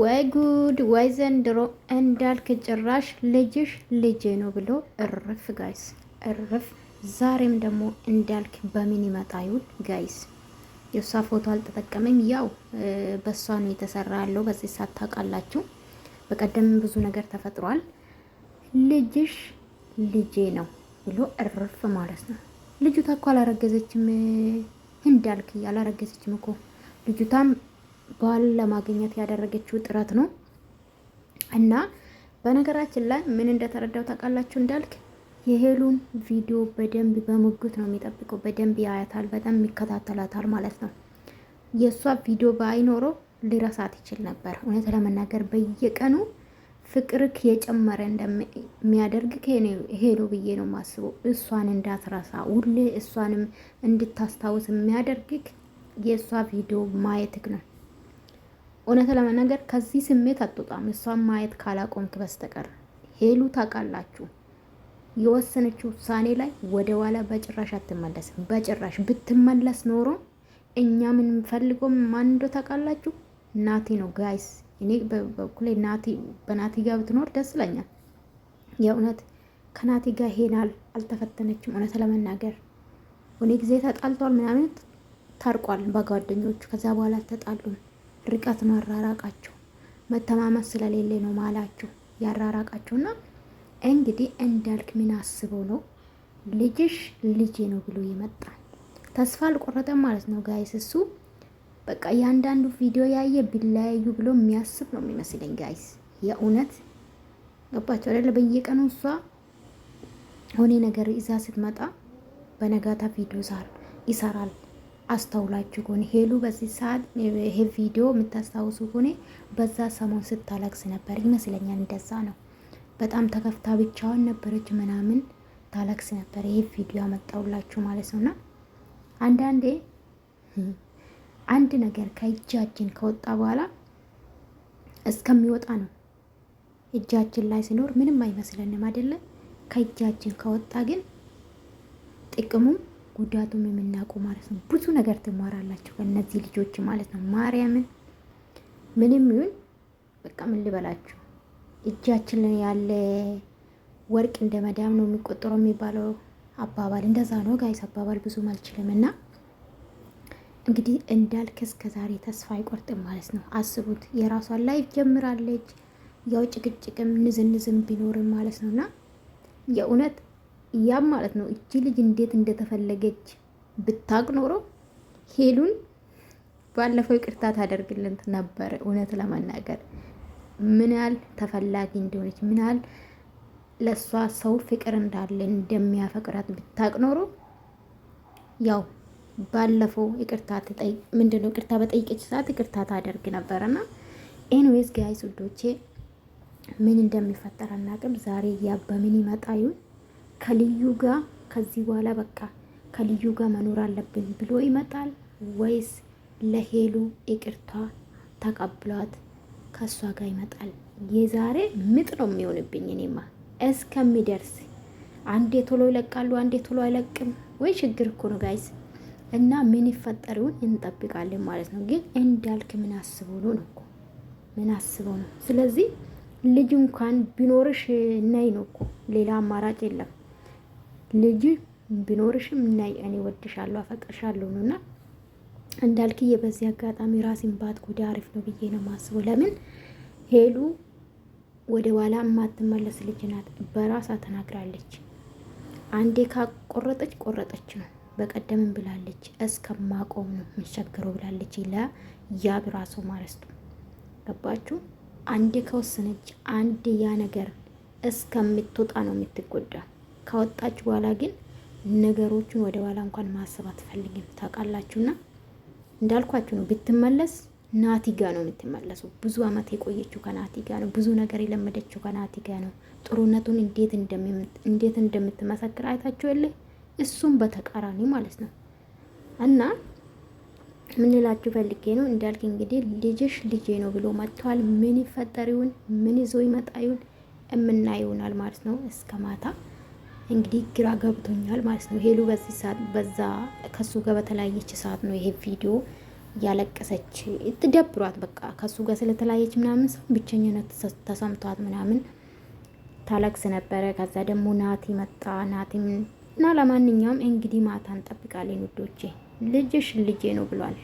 ወይ ጉድ ወይ ዘንድሮ እንዳልክ ጭራሽ ልጅሽ ልጄ ነው ብሎ እርፍ ጋይስ እርፍ። ዛሬም ደግሞ እንዳልክ በምን ይመጣ ይሁን ጋይስ። የእሷ ፎቶ አልተጠቀመም፣ ያው በእሷ ነው የተሰራ ያለው። በዚህ ሳታውቃላችሁ በቀደም ብዙ ነገር ተፈጥሯል። ልጅሽ ልጄ ነው ብሎ እርፍ ማለት ነው። ልጁታ እኮ አላረገዘችም እንዳልክ፣ አላረገዘችም እኮ ልጅቷም ባል ለማግኘት ያደረገችው ጥረት ነው እና በነገራችን ላይ ምን እንደተረዳው ታውቃላችሁ እንዳልክ የሄሉን ቪዲዮ በደንብ በሙጉት ነው የሚጠብቀው። በደንብ ያያታል፣ በጣም ይከታተላታል ማለት ነው። የእሷ ቪዲዮ ባይኖረው ሊረሳት ይችል ነበር። እውነት ለመናገር በየቀኑ ፍቅርክ የጨመረ እንደሚያደርግ ሄሎ ብዬ ነው ማስበው። እሷን እንዳትረሳ ሁሌ እሷንም እንድታስታውስ የሚያደርግክ የእሷ ቪዲዮ ማየትክ ነው። እውነት ለመናገር ከዚህ ስሜት አትወጣም እሷን ማየት ካላቆምክ በስተቀር ሄሉ ታውቃላችሁ፣ የወሰነችው ውሳኔ ላይ ወደ ኋላ በጭራሽ አትመለስም። በጭራሽ ብትመለስ ኖሮ እኛ ምን ፈልገው ማን እንዶ ታውቃላችሁ? ናቲ ነው ጋይስ። እኔ በበኩሌ ናቲ በናቲ ጋር ብትኖር ደስ ይለኛል። የእውነት ከናቲ ጋር ሄናል አልተፈተነችም። እውነት ለመናገር እኔ ጊዜ ተጣልቷል ምናምን ታርቋል በጓደኞቹ ከዛ በኋላ ተጣሉም ርቀት ነው ያራራቃቸው። መተማመን ስለሌለ ነው ማላቸው ያራራቃቸው። እና እንግዲህ እንዳልክ ምን አስበው ነው ልጅሽ ልጄ ነው ብሎ ይመጣል። ተስፋ አልቆረጠም ማለት ነው ጋይስ። እሱ በቃ እያንዳንዱ ቪዲዮ ያየ ቢለያዩ ብሎ የሚያስብ ነው የሚመስለኝ ጋይስ። የእውነት ገባቸው አይደለ? በየቀኑ እሷ ሆኔ ነገር ይዛ ስትመጣ በነጋታ ቪዲዮ ይሰራል አስተውላችሁ ከሆነ ሄሉ በዚህ ሰዓት ይሄ ቪዲዮ የምታስታውሱ ከሆነ በዛ ሰሞን ስታለቅስ ነበር ይመስለኛል። እንደዛ ነው። በጣም ተከፍታ ብቻዋን ነበረች ምናምን ታለቅስ ነበር። ይሄ ቪዲዮ ያመጣውላችሁ ማለት ነው። እና አንዳንዴ አንድ ነገር ከእጃችን ከወጣ በኋላ እስከሚወጣ ነው። እጃችን ላይ ሲኖር ምንም አይመስለንም አይደለም። ከእጃችን ከወጣ ግን ጥቅሙም ጉዳቱም የምናውቀው ማለት ነው። ብዙ ነገር ትማራላችሁ ከእነዚህ ልጆች ማለት ነው። ማርያምን ምንም ይሁን በቃ ምን ልበላችሁ፣ እጃችን ላይ ያለ ወርቅ እንደ መዳም ነው የሚቆጠረው የሚባለው አባባል እንደዛ ነው ጋይስ። አባባል ብዙም አልችልም እና እንግዲህ እንዳልክ እስከ ዛሬ ተስፋ አይቆርጥም ማለት ነው። አስቡት የራሷን ላይፍ ጀምራለች። ያው ጭቅጭቅም ንዝንዝም ቢኖርም ማለት ነው እና የእውነት ያም ማለት ነው እቺ ልጅ እንዴት እንደተፈለገች ብታቅ ኖሮ ሄሉን ባለፈው ይቅርታ ታደርግልን ነበረ። እውነት ለመናገር ምን ያህል ተፈላጊ እንደሆነች ምን ያህል ለእሷ ሰው ፍቅር እንዳለ እንደሚያፈቅራት ብታቅ ኖሮ ያው ባለፈው ይቅርታ ትጠይቅ ምንድነው ይቅርታ በጠይቀች ሰዓት ይቅርታ ታደርግ ነበረና ኤንዌዝ ጋይስ ውዶቼ ምን እንደሚፈጠር አናቅም። ዛሬ ያ በምን ይመጣ ይሁን ከልዩ ጋር ከዚህ በኋላ በቃ ከልዩ ጋር መኖር አለብን ብሎ ይመጣል ወይስ ለሄሉ ይቅርታ ተቀብሏት ከእሷ ጋር ይመጣል? የዛሬ ምጥ ነው የሚሆንብኝ። እኔማ እስከሚደርስ አንዴ ቶሎ ይለቃሉ፣ አንዴ ቶሎ አይለቅም። ወይ ችግር እኮ ነው ጋይስ። እና ምን ይፈጠሪውን እንጠብቃለን ማለት ነው። ግን እንዳልክ ምን አስበው ነው እኮ ምን አስበው ነው። ስለዚህ ልጅ እንኳን ቢኖርሽ ነይ ነው እኮ ሌላ አማራጭ የለም። ልጅ ቢኖርሽም ናይ እኔ ወድሻለሁ አፈቅርሻለሁ ነው እና እንዳልክዬ በዚህ አጋጣሚ ራሴን ባትጎዳ አሪፍ ነው ብዬ ነው ማስበው። ለምን ሄሉ ወደ ኋላ የማትመለስ ልጅ ናት። በራሷ ተናግራለች። አንዴ ካቆረጠች ቆረጠች ነው። በቀደምም ብላለች እስከማቆም ነው የምንቸግረው ብላለች። ለያብ ራሱ ማረስቱ ገባችሁ። አንዴ ከወሰነች አንዴ ያ ነገር እስከምትወጣ ነው የምትጎዳ። ካወጣችሁ በኋላ ግን ነገሮቹን ወደ ኋላ እንኳን ማሰብ አትፈልግም። ታውቃላችሁና እንዳልኳችሁ ነው። ብትመለስ ናቲ ጋ ነው የምትመለሱ። ብዙ አመት የቆየችው ከናቲ ጋ ነው። ብዙ ነገር የለመደችው ከናቲ ጋ ነው። ጥሩነቱን እንዴት እንደምትመሰክር አይታችሁ የለ እሱም በተቃራኒ ማለት ነው። እና ምንላችሁ ፈልጌ ነው እንዳልክ እንግዲህ ልጅሽ ልጄ ነው ብሎ መጥተዋል። ምን ይፈጠር ይሁን ምን ይዞ ይመጣ ይሁን የምናየውናል ማለት ነው እስከ ማታ እንግዲህ ግራ ገብቶኛል ማለት ነው። ሄሉ በዚህ ሰዓት በዛ ከሱ ጋር በተለያየች ሰዓት ነው ይሄ ቪዲዮ እያለቀሰች እትደብሯት በቃ ከሱ ጋር ስለተለያየች ምናምን ሰው ብቸኝነት ተሰምቷት ምናምን ታለቅስ ነበረ። ከዛ ደግሞ ናቲ መጣ ናቲም እና ለማንኛውም እንግዲህ ማታ እንጠብቃለን ውዶቼ። ልጅሽ ልጄ ነው ብሏል።